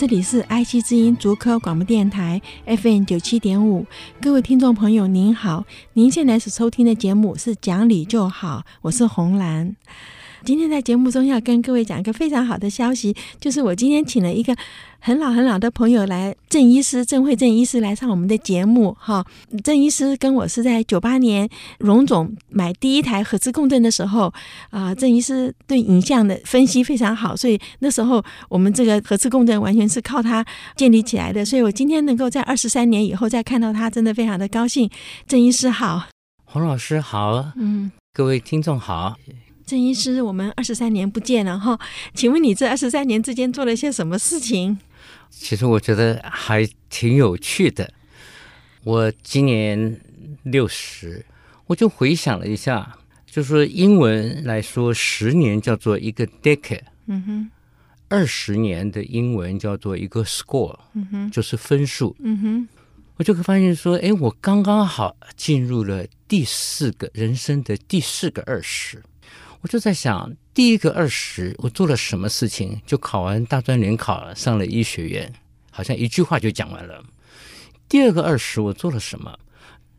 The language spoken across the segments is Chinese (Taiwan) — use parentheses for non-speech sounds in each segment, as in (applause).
這裡是 IC 之音竹科廣播電台 FM 九七點五，各位聽眾朋友您好，您現在所收聽的節目是講理就好，我是洪蘭。今天在節目中要跟各位講一個非常好的消息，就是我今天請了一個很老很老的朋友來，鄭醫師鄭慧、鄭醫師來上我們的節目哈。鄭醫師跟我是在九八年榮總買第一台核磁共振的時候啊、呃，鄭醫師對影像的分析非常好，所以那時候我們這個核磁共振完全是靠他建立起來的。所以我今天能夠在二十三年以後再看到他，真的非常的高興。鄭醫師好，黃老師好，嗯，各位聽眾好。鄭醫師，我們二十三年不見了哈，請問你這二十三年之間做了些什麼事情？其實我覺得還挺有趣的。我今年六十，我就回想了一下，就是說英文來說，十年叫做一個 decade，嗯哼，二十年的英文叫做一個 score，嗯哼，就是分數，嗯哼，我就會發現說，哎，我剛剛好進入了第四個人生的第四個二十。我就在想，第一個二十我做了什麼事情？就考完大專聯考了，上了醫學院，好像一句話就講完了。第二個二十我做了什麼？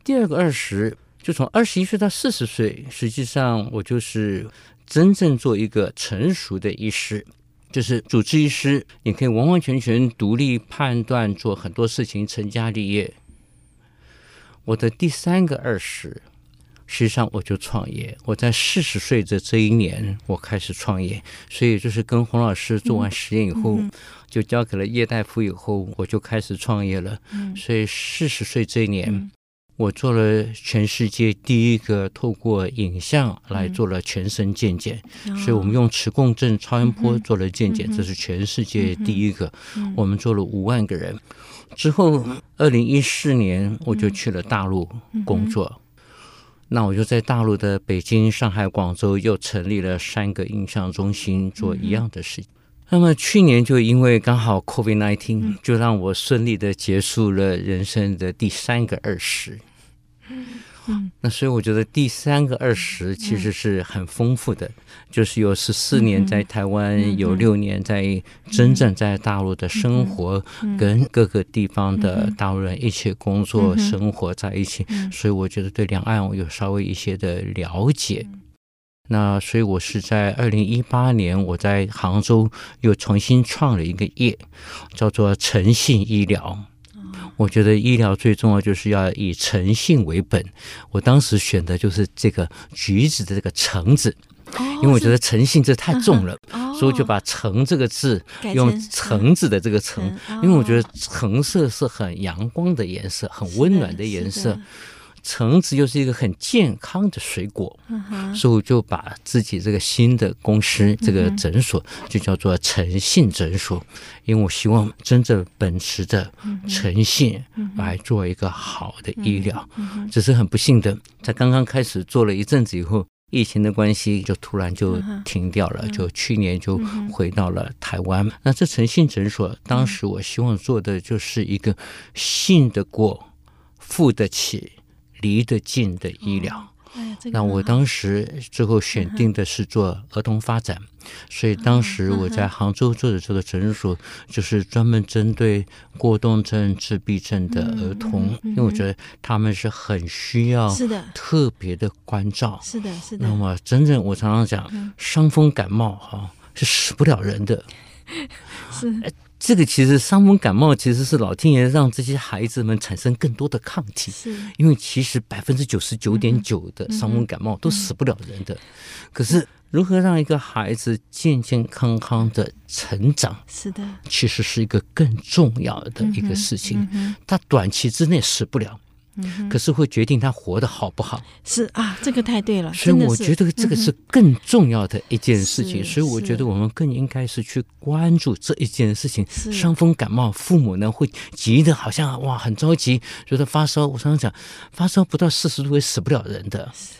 第二個二十就從二十一歲到四十歲，實際上我就是真正做一個成熟的醫師，就是主治醫師，你可以完完全全獨立判斷，做很多事情，成家立業。我的第三個二十，實際上，我就創業。我在四十歲的這一年，我開始創業。所以，就是跟洪老師做完實驗以後，就交給了葉大夫以後，我就開始創業了。所以，四十歲這一年，我做了全世界第一個透過影像來做了全身健檢。所以我們用磁共振、超音波做了健檢，這是全世界第一個。我們做了五萬個人。之後，二零一四年，我就去了大陸工作。那我就在大陸的北京、上海、廣州又成立了三個影像中心，做一樣的事情。嗯、那麼去年就因為剛好 COVID nineteen，就讓我順利的結束了人生的第三個二十。嗯嗯那所以我覺得第三個二十其實是很豐富的，就是有十四年在台灣，有六年在真正在大陸的生活，跟各個地方的大陸人一起工作、生活在一起，所以我覺得對兩岸我有稍微一些的了解。那所以我是在二零一八年，我在杭州又重新創了一個業，叫做誠信醫療。我覺得醫療最重要就是要以誠信為本。我當時選的就是這個橘子的這個橙子，因為我覺得誠信這太重了，哦嗯哦、所以就把“橙”這個字用橙子的這個橙，嗯哦、因為我覺得橙色是很陽光的顏色，很溫暖的顏色。橙子又是一個很健康的水果，uh huh. 所以我就把自己這個新的公司，uh huh. 這個診所就叫做誠信診所，因為我希望真正秉持着誠信來做一個好的醫療。Uh huh. uh huh. 只是很不幸的，在剛剛開始做了一陣子以後，疫情的關係就突然就停掉了，uh huh. uh huh. 就去年就回到了台灣。Uh huh. 那這誠信診所當時我希望做的就是一個信得過，uh huh. 付得起。離得近的醫療，哦哎這個、那我當時最後選定的是做兒童發展，嗯、哼所以當時我在杭州做的這個診所，就是專門針對過動症、自閉症的兒童，嗯嗯嗯嗯、因為我覺得他們是很需要，特別的關照。是的，是的，是的。那麼，真正我常常講，傷風感冒哈、嗯哦、是死不了人的，是。這個其實傷風感冒其實是老天爺讓這些孩子們產生更多的抗體，是，因為其實百分之九十九點九的傷風感冒都死不了人的。是的。可是如何讓一個孩子健健康康的成長，是的，其實是一個更重要的一個事情。他、嗯嗯、短期之內死不了。可是會決定他活得好不好？是啊，這個太對了。所以我覺得這個是更重要的一件事情。所以我覺得我們更應該是去關注這一件事情。傷風感冒，父母呢會急得好像哇很着急，覺得發燒。我常常講，發燒不到四十度也死不了人的。是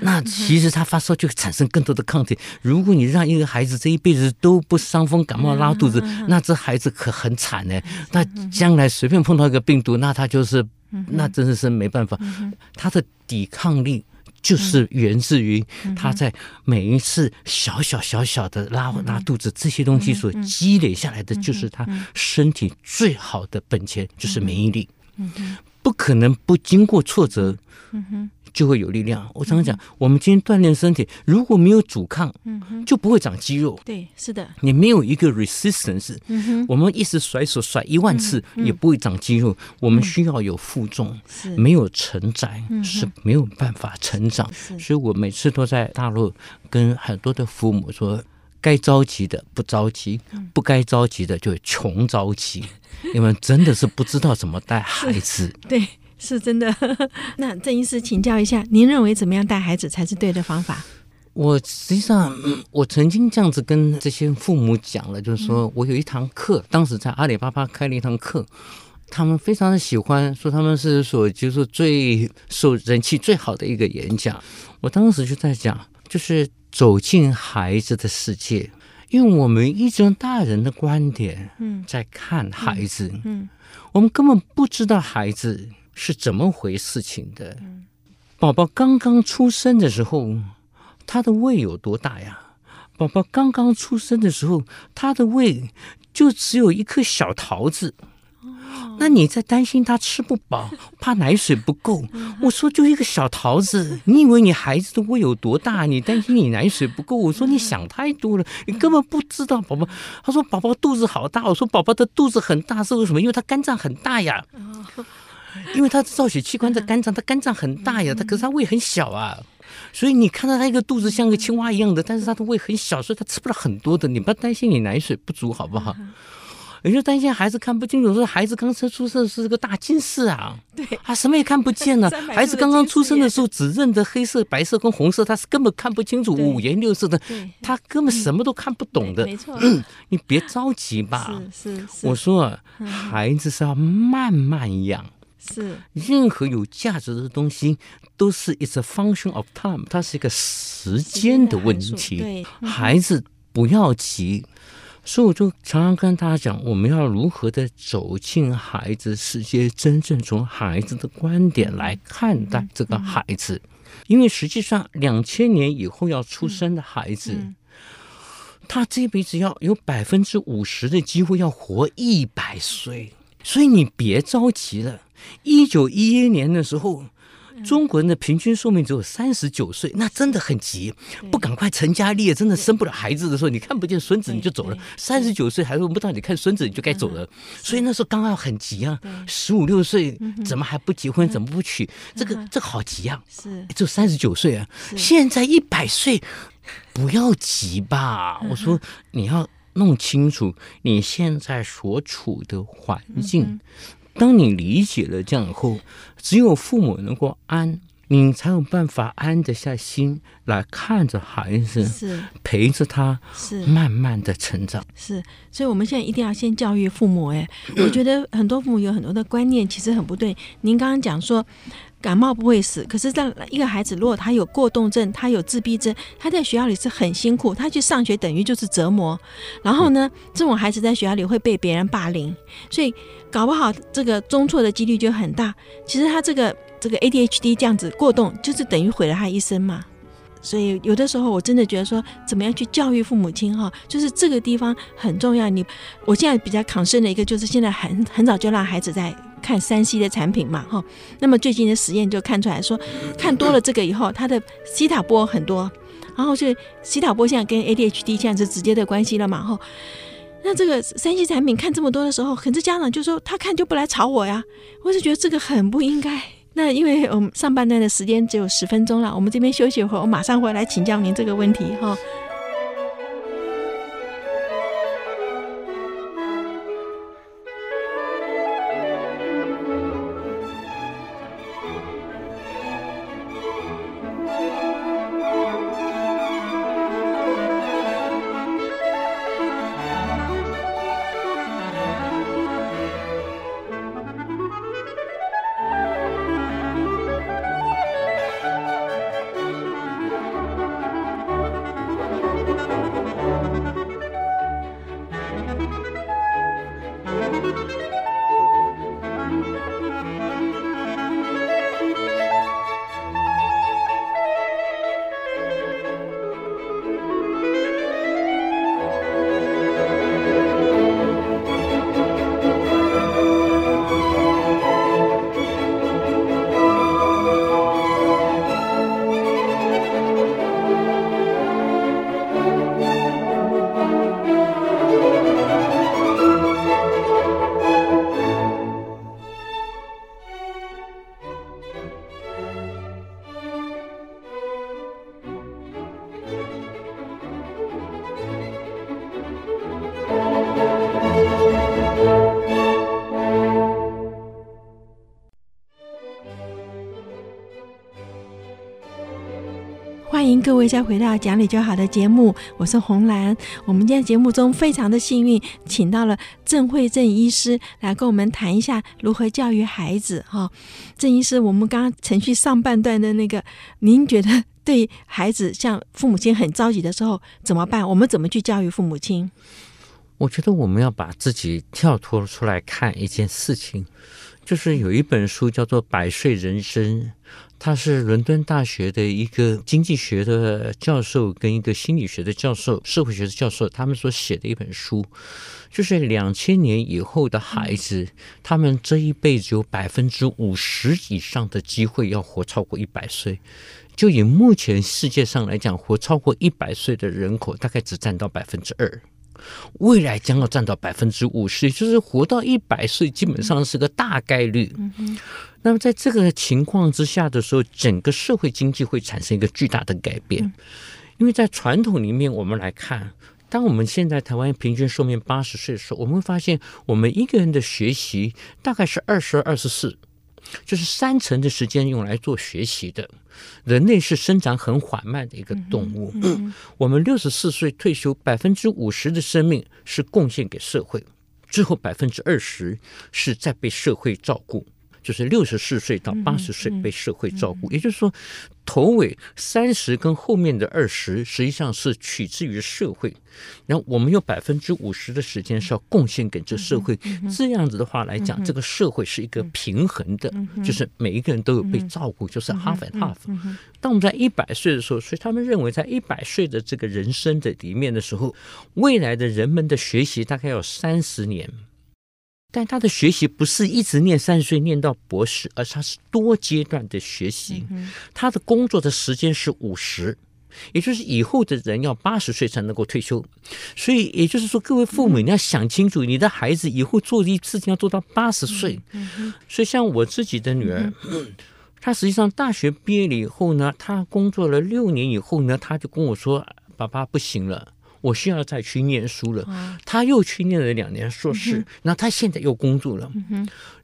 那其實他發燒就會產生更多的抗體。如果你讓一個孩子這一輩子都不傷風感冒拉肚子，那這孩子可很慘呢、欸。是那將來隨便碰到一個病毒，那他就是。那真的是沒辦法，他的抵抗力，就是源自於他在每一次小小小小的拉拉肚子這些東西所積累下來的，就是他身體最好的本錢，就是免疫力。不可能不經過挫折。就會有力量。我常常講，我們今天鍛鍊身體如果沒有阻抗，嗯哼，就不會長肌肉。對，是的。你沒有一個 resistance，我們一直甩手甩一萬次也不會長肌肉。我們需要有負重，是，沒有承載是沒有辦法成長。所以我每次都在大陸跟很多的父母說，該着急的不着急，不該着急的就窮着急。你們真的是不知道怎麼帶孩子，對。是真的。 (laughs) 那鄭醫師，請教一下，您認為怎麼樣帶孩子才是對的方法？我實際上，我曾經這樣子跟這些父母講了，就是說我有一堂課，當時在阿里巴巴開了一堂課，他們非常的喜歡，說他們是所，就是說最受人氣最好的一個演講。我當時就在講，就是走進孩子的世界，因為我們一直用大人的觀點，嗯，在看孩子，嗯，嗯嗯，我們根本不知道孩子。是怎麼回事情的？寶寶剛剛出生的時候，他的胃有多大呀？寶寶剛剛出生的時候，他的胃就只有一顆小桃子。那你在擔心他吃不飽，怕奶水不夠？我說就一個小桃子，你以為你孩子的胃有多大？你擔心你奶水不夠？我說你想太多了，你根本不知道寶寶。他說寶寶肚子好大，我說寶寶的肚子很大，是為什麼？因為他肝臟很大呀。因為他造血器官在肝臟，他肝臟很大呀，他可是他胃很小啊，所以你看到他一個肚子像個青蛙一樣的，但是他的胃很小，所以他吃不了很多的。你不要擔心你奶水不足好不好？你就擔心孩子看不清楚，說孩子剛生出生是個大近視啊，對，他什麼也看不見了。孩子剛剛出生的時候只認得黑色、白色跟紅色，他是根本看不清楚五顏六色的，他根本什麼都看不懂的。沒錯，你別着急吧。是是，我說孩子是要慢慢養。是任何有價值的東西，都是一次 function of time，它是一個時間的問題。嗯、孩子不要急，所以我就常常跟大家講，我們要如何的走進孩子世界，真正從孩子的觀點來看待這個孩子。嗯嗯、因為實際上，兩千年以後要出生的孩子，他、嗯嗯、這輩子要有百分之五十的機會要活一百歲，所以你別着急了。一九一一年的時候，中國人的平均壽命只有三十九歲，那真的很急，不趕快成家立業，真的生不了孩子的時候，你看不見孫子你就走了。三十九歲還輪不到你看孫子，你就該走了。所以那時候剛剛很急啊，十五六歲怎麼還不結婚，怎麼不娶？這個這好急啊！是只有三十九歲啊，現在一百歲，不要急吧。我說你要弄清楚你現在所處的環境。當你理解了這樣以後，只有父母能夠安，你才有辦法安得下心來看着孩子，是陪着他，慢慢的成長是。是，所以我們現在一定要先教育父母。哎， (coughs) 我覺得很多父母有很多的觀念，其實很不對。您剛剛講說。感冒不會死，可是在一個孩子，如果他有過動症，他有自閉症，他在學校裡是很辛苦，他去上學等於就是折磨。然後呢，這種孩子在學校裡會被別人霸凌，所以搞不好這個中輟的幾率就很大。其實他這個這個 ADHD 這樣子過動，就是等於毀了他一生嘛。所以有的時候我真的覺得說，怎麼樣去教育父母親哈、哦，就是這個地方很重要。你我現在比較 concern 的一個，就是現在很很早就讓孩子在。看 3C 的產品嘛，哈，那麼最近的實驗就看出來說，看多了這個以後，他的西塔波很多，然後是西塔波現在跟 ADHD 現在是直接的關係了嘛，哈，那這個 3C 產品看這麼多的時候，很多家長就說他看就不來吵我呀，我是覺得這個很不應該。那因為我們上半段的時間只有十分鐘了，我們這邊休息一會兒，我馬上回來請教您這個問題，哈。各位，再回到講理就好的節目，我是紅蘭。我們今天節目中非常的幸運，請到了鄭慧正醫師來跟我們談一下如何教育孩子。哈、哦，鄭醫師，我們剛剛程序上半段的那個，您覺得對孩子像父母親很着急的時候怎麼辦？我們怎麼去教育父母親？我覺得我們要把自己跳脫出來看一件事情，就是有一本書叫做《百歲人生》。他是倫敦大學的一個經濟學的教授，跟一個心理學的教授、社會學的教授，他們所寫的一本書，就是兩千年以後的孩子，他們這一輩子有百分之五十以上的機會要活超過一百歲。就以目前世界上來講，活超過一百歲的人口大概只佔到百分之二。未來將要占到百分之五十，就是活到一百歲，基本上是個大概率。那麼在這個情況之下的時候，整個社會經濟會產生一個巨大的改變。因為在傳統裡面，我們來看，當我們現在台灣平均壽命八十歲的時候，我們會發現，我們一個人的學習大概是二十二十四。就是三成的時間用來做學習的，人類是生長很緩慢的一個動物。嗯嗯、 (coughs) 我們六十四歲退休，百分之五十的生命是貢獻給社會，之後百分之二十是在被社會照顧，就是六十四歲到八十歲被社會照顧。嗯嗯、也就是說。頭尾三十跟後面的二十實際上是取自於社會，然後我們有百分之五十的時間是要貢獻給這社會，這樣子的話來講，這個社會是一個平衡的，就是每一個人都有被照顧，就是 half and half。當我們在一百歲的時候，所以他們認為在一百歲的這個人生的裡面的時候，未來的人們的學習大概要三十年。但他的學習不是一直念三十歲念到博士，而他是多階段的學習。嗯、哼他的工作的時間是五十，也就是以後的人要八十歲才能夠退休。所以也就是說，各位父母、嗯、你要想清楚，你的孩子以後做的事情要做到八十歲。嗯、哼所以像我自己的女兒，嗯、哼她實際上大學畢業了以後呢，她工作了六年以後呢，她就跟我說：“爸爸不行了。”我需要再去念書了。他又去念了兩年碩士，那他現在又工作了。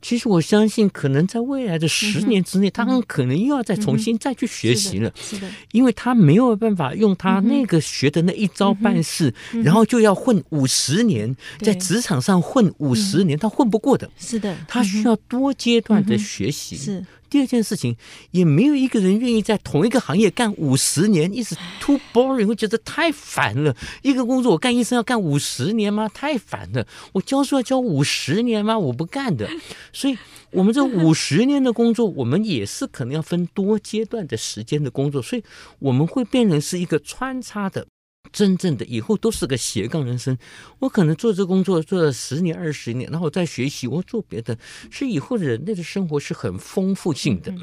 其實我相信，可能在未來的十年之內，他很可能又要再重新再去學習了。是的，因為他沒有辦法用他那個學的那一招辦事，然後就要混五十年，在職場上混五十年，他混不過的。是的，他需要多階段的學習。是。第二件事情，也沒有一個人願意在同一個行業幹五十年，意思 too boring，會覺得太煩了。一個工作我幹醫生，要幹五十年嗎？太煩了。我教書要教五十年嗎？我不幹的。所以，我們這五十年的工作，我們也是可能要分多階段的時間的工作，所以我們會變成是一個穿插的。真正的以後都是個斜槓人生，我可能做這工作做了十年二十年，然後再學習，我做別的，是以後人類的生活是很豐富性的。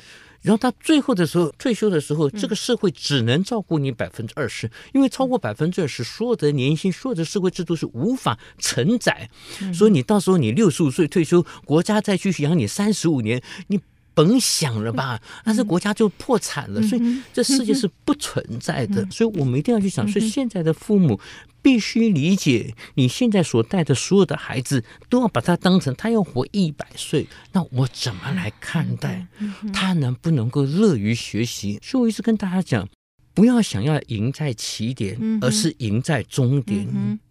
然後他最後的時候退休的時候，這個社會只能照顧你百分之二十，因為超過百分之二十，所有的年薪、所有的社會制度是無法承載。所以你到時候你六十五歲退休，國家再繼續養你三十五年，你甭想了吧，但是國家就破產了，所以這世界是不存在的，所以我們一定要去想。所以現在的父母必須理解，你現在所帶的所有的孩子都要把他當成，他要活一百歲，那我怎麼來看待他，能不能夠樂於學習？所以我一直跟大家講，不要想要贏在起點，而是贏在終點。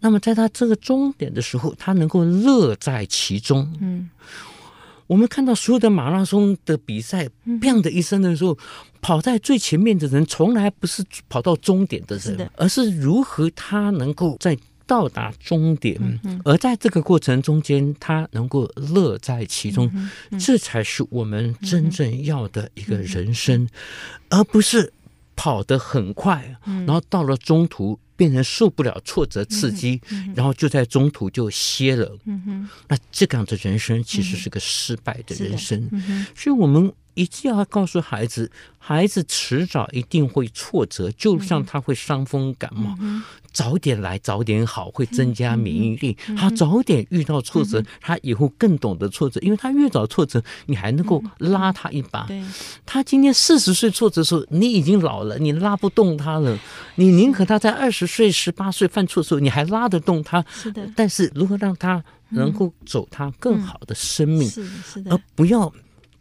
那麼在他這個終點的時候，他能夠樂在其中。我們看到所有的馬拉松的比賽啪的一聲的時候，跑在最前面的人從來不是跑到終點的人。是的，而是如何他能夠在到達終點，嗯嗯、而在這個過程中間他能夠樂在其中，嗯嗯、這才是我們真正要的一個人生，嗯、而不是跑得很快，嗯、然後到了中途，變成受不了挫折刺激，嗯嗯、然後就在中途就歇了。嗯、哼那這樣的人生其實是個失敗的人生。嗯嗯、所以，我們一定要告訴孩子，孩子遲早一定會挫折，就像他會傷風感冒。嗯哼嗯早點來，早點好，會增加免疫力。嗯、他早點遇到挫折，嗯、他以後更懂得挫折，因為他越早挫折，你還能夠拉他一把。嗯、他今天四十歲挫折的時候，你已經老了，你拉不動他了。你寧可他在二十歲、十八歲犯錯的時候，你還拉得動他。是的。但是如何讓他能夠走他更好的生命？嗯嗯、是的，是的，而不要。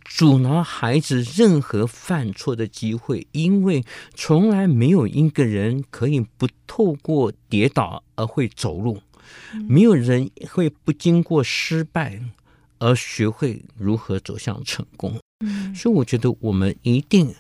阻撓孩子任何犯錯的機會，因為從來沒有一個人可以不透過跌倒而會走路，嗯、沒有人會不經過失敗而學會如何走向成功。嗯、所以我覺得我們一定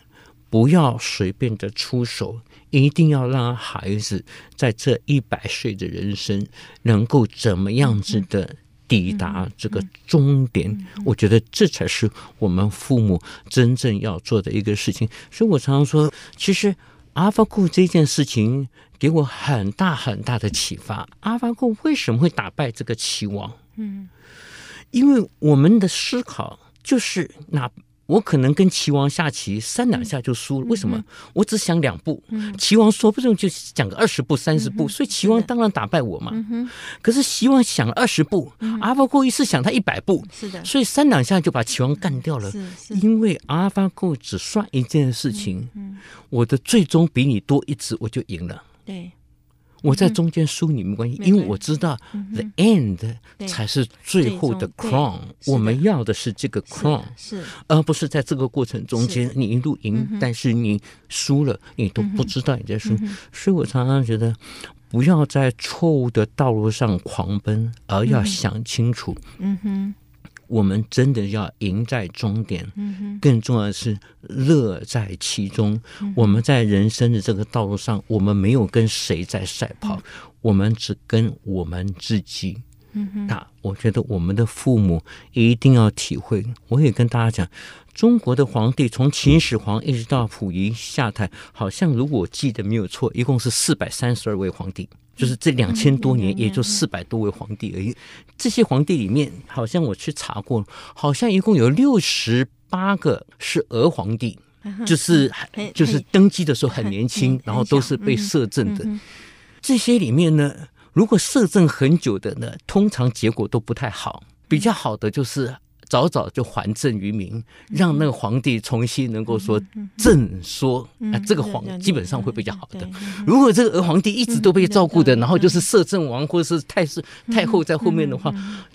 不要隨便的出手，一定要讓孩子在這一百歲的人生能夠怎麼樣子的、嗯。抵達這個終點，嗯嗯嗯、我覺得這才是我們父母真正要做的一個事情。所以我常常說，其實 AlphaGo 這件事情給我很大很大的啟發。AlphaGo 為什麼會打敗這個棋王？嗯，因為我們的思考就是那。我可能跟齊王下棋，三兩下就輸了。為什麼？嗯、哼我只想兩步，齊、嗯、哼王說不定就講個二十步、三十步，嗯、哼所以齊王當然打敗我嘛。是嗯、可是齊王想二十步、嗯、哼阿巴 p h 一次想他一百步，是的，所以三兩下就把齊王幹掉了。因為阿巴 p 只算一件事情，嗯、哼我的最終比你多一次我就贏了。對。我在中間輸，你沒關係，嗯、因為我知道 the end、嗯、哼才是最後的 crown。的我們要的是這個 crown，而不是在這個過程中間你一路贏，是嗯、但是你輸了，你都不知道你在輸。嗯嗯嗯、所以我常常覺得，不要在錯誤的道路上狂奔，而要想清楚。嗯哼。嗯哼我們真的要贏在終點，更重要的是樂在其中。嗯、哼我們在人生的這個道路上，我們沒有跟誰在賽跑，我們只跟我們自己。嗯、哼那我覺得我們的父母一定要體會。我也跟大家講，中國的皇帝從秦始皇一直到溥儀下台，嗯、好像如果我記得沒有錯，一共是四百三十二位皇帝。就是這兩千多年，也就四百多位皇帝而已。這些皇帝裡面，好像我去查過，好像一共有六十八個是兒皇帝，就是就是登基的時候很年輕，然後都是被攝政的。這些裡面呢，如果攝政很久的呢，通常結果都不太好。比較好的就是。早早就還政於民，讓那個皇帝重新能夠說正說，那、嗯嗯呃、這個皇基本上會比較好的。嗯、如果這個皇帝一直都被照顧的，嗯、然後就是攝政王或者是太師太後在後面的話，嗯嗯嗯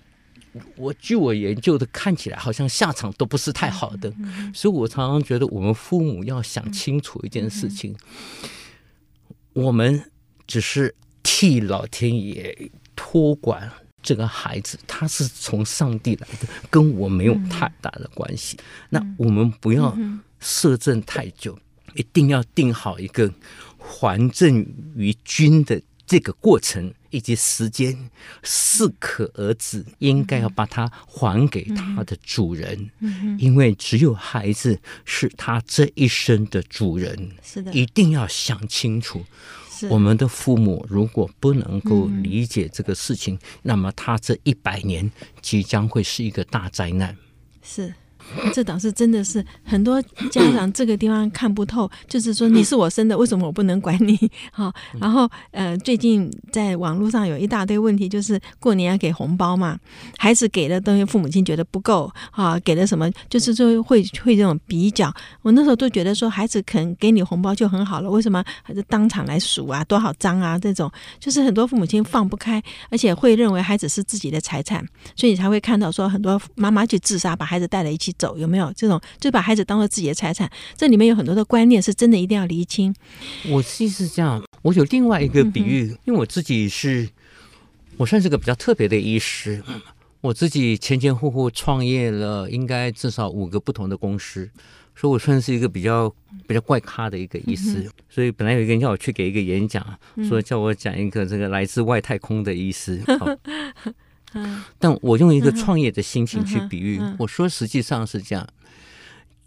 嗯、我據我研究的看起來好像下場都不是太好的。嗯嗯嗯、所以我常常覺得我們父母要想清楚一件事情，嗯嗯嗯、我們只是替老天爺托管。這個孩子他是從上帝來的，跟我沒有太大的關係。嗯、那我們不要攝政太久，嗯嗯、一定要定好一個還政於君的這個過程以及時間，適可而止。應該要把它還給他的主人，嗯嗯嗯嗯、因為只有孩子是他這一生的主人。是的，一定要想清楚。我們的父母如果不能夠理解這個事情，嗯、那麼他這一百年即將會是一個大災難。是。這倒是真的是很多家長這個地方看不透。就是說你是我生的，為什麼我不能管你？哈、哦，然後呃，最近在網絡上有一大堆問題，就是過年要給紅包嘛，孩子給的東西父母親覺得不夠啊，給了什麼就是說會會這種比較。我那時候都覺得說孩子肯給你紅包就很好了，為什麼還是當場來數啊，多少張啊？這種就是很多父母親放不開，而且會認為孩子是自己的財產，所以你才會看到說很多媽媽去自殺，把孩子帶在一起。走有沒有這種，就把孩子當做自己的財產？這裡面有很多的觀念是真的一定要釐清。我其實是這樣，我有另外一個比喻，嗯、哼因為我自己是我算是個比較特別的醫師，我自己前前後後創業了，應該至少五個不同的公司，所以我算是一個比較比較怪咖的一個醫師。嗯、哼所以本來有一個人叫我去給一個演講，說叫我講一個這個來自外太空的醫師。嗯好 (laughs) 但我用一個創業的心情去比喻，嗯嗯嗯、我說實際上是這樣，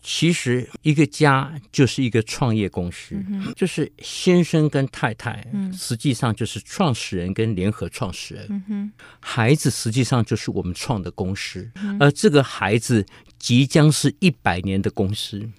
其實一個家就是一個創業公司，嗯、哼就是先生跟太太，嗯、實際上就是創始人跟聯合創始人，嗯、哼孩子實際上就是我們創的公司，嗯、哼而這個孩子即將是一百年的公司，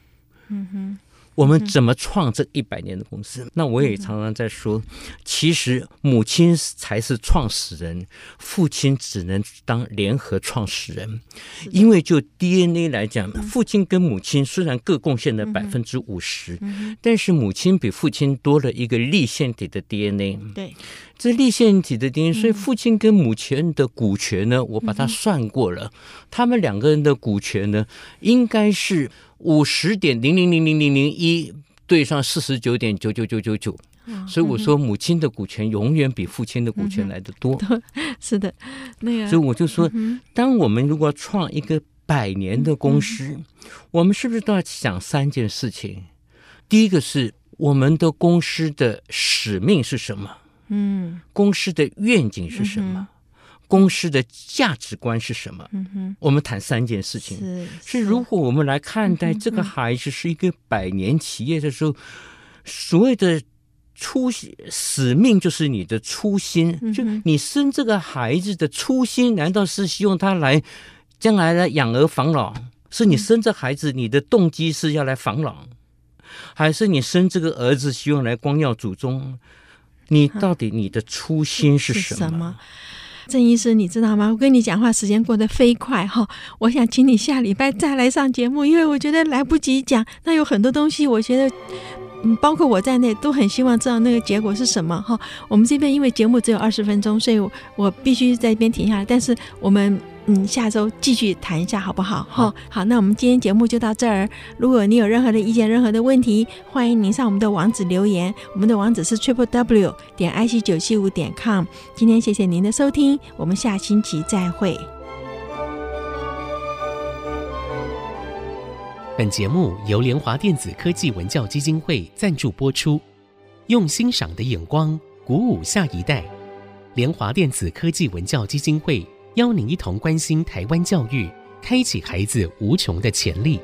嗯哼。我們怎麼創這一百年的公司？嗯、那我也常常在說，嗯、其實母親才是創始人，父親只能當聯合創始人。的因為就 DNA 來講，嗯、父親跟母親雖然各貢獻了百分之五十，嗯嗯嗯、但是母親比父親多了一個粒線體的 DNA。對，這粒線體的 DNA，、嗯、所以父親跟母親的股權呢，嗯、我把它算過了，嗯嗯、他們兩個人的股權呢，應該是。五十點零零零零零零一對上四十九點九九九九九，oh, 所以我說，母親的股權永遠比父親的股權來得多，是的、mm，那、hmm. 樣，所以我就說，當我們如果要創一個百年的公司，mm hmm. 我們是不是都要想三件事情？Mm hmm. 第一個是我們的公司的使命是什麼？嗯、mm，hmm. 公司的願景是什麼？Mm hmm. 公司的價值觀是什麼？嗯、哼我們談三件事情。是，是，是，如果我們來看待這個孩子是一個百年企業的時候，嗯嗯、所謂的初心使命就是你的初心，嗯、哼就你生這個孩子的初心，難道是希望他來將來來養兒防老？是你生這孩子，嗯、你的動機是要來防老，還是你生這個兒子希望來光耀祖宗？你到底你的初心是什麼？嗯鄭醫師，你知道嗎？我跟你講話時間過得飛快哈，我想請你下禮拜再來上節目，因為我覺得來不及講，那有很多東西，我覺得，嗯，包括我在內，都很希望知道那個結果是什麼哈。我們這邊因為節目只有二十分鐘，所以我必須在一邊停下來，但是我們。嗯，下週繼續談一下好不好？好，嗯哦，好，那我們今天節目就到這兒。如果你有任何的意見、任何的問題，歡迎您上我們的網址留言。我們的網址是 triple w 點 i c 九七五點 com。今天謝謝您的收聽，我們下星期再會。本節目由聯華電子科技文教基金會贊助播出，用欣賞的眼光鼓舞下一代。聯華電子科技文教基金會。邀您一同關心台灣教育，開啟孩子無窮的潛力。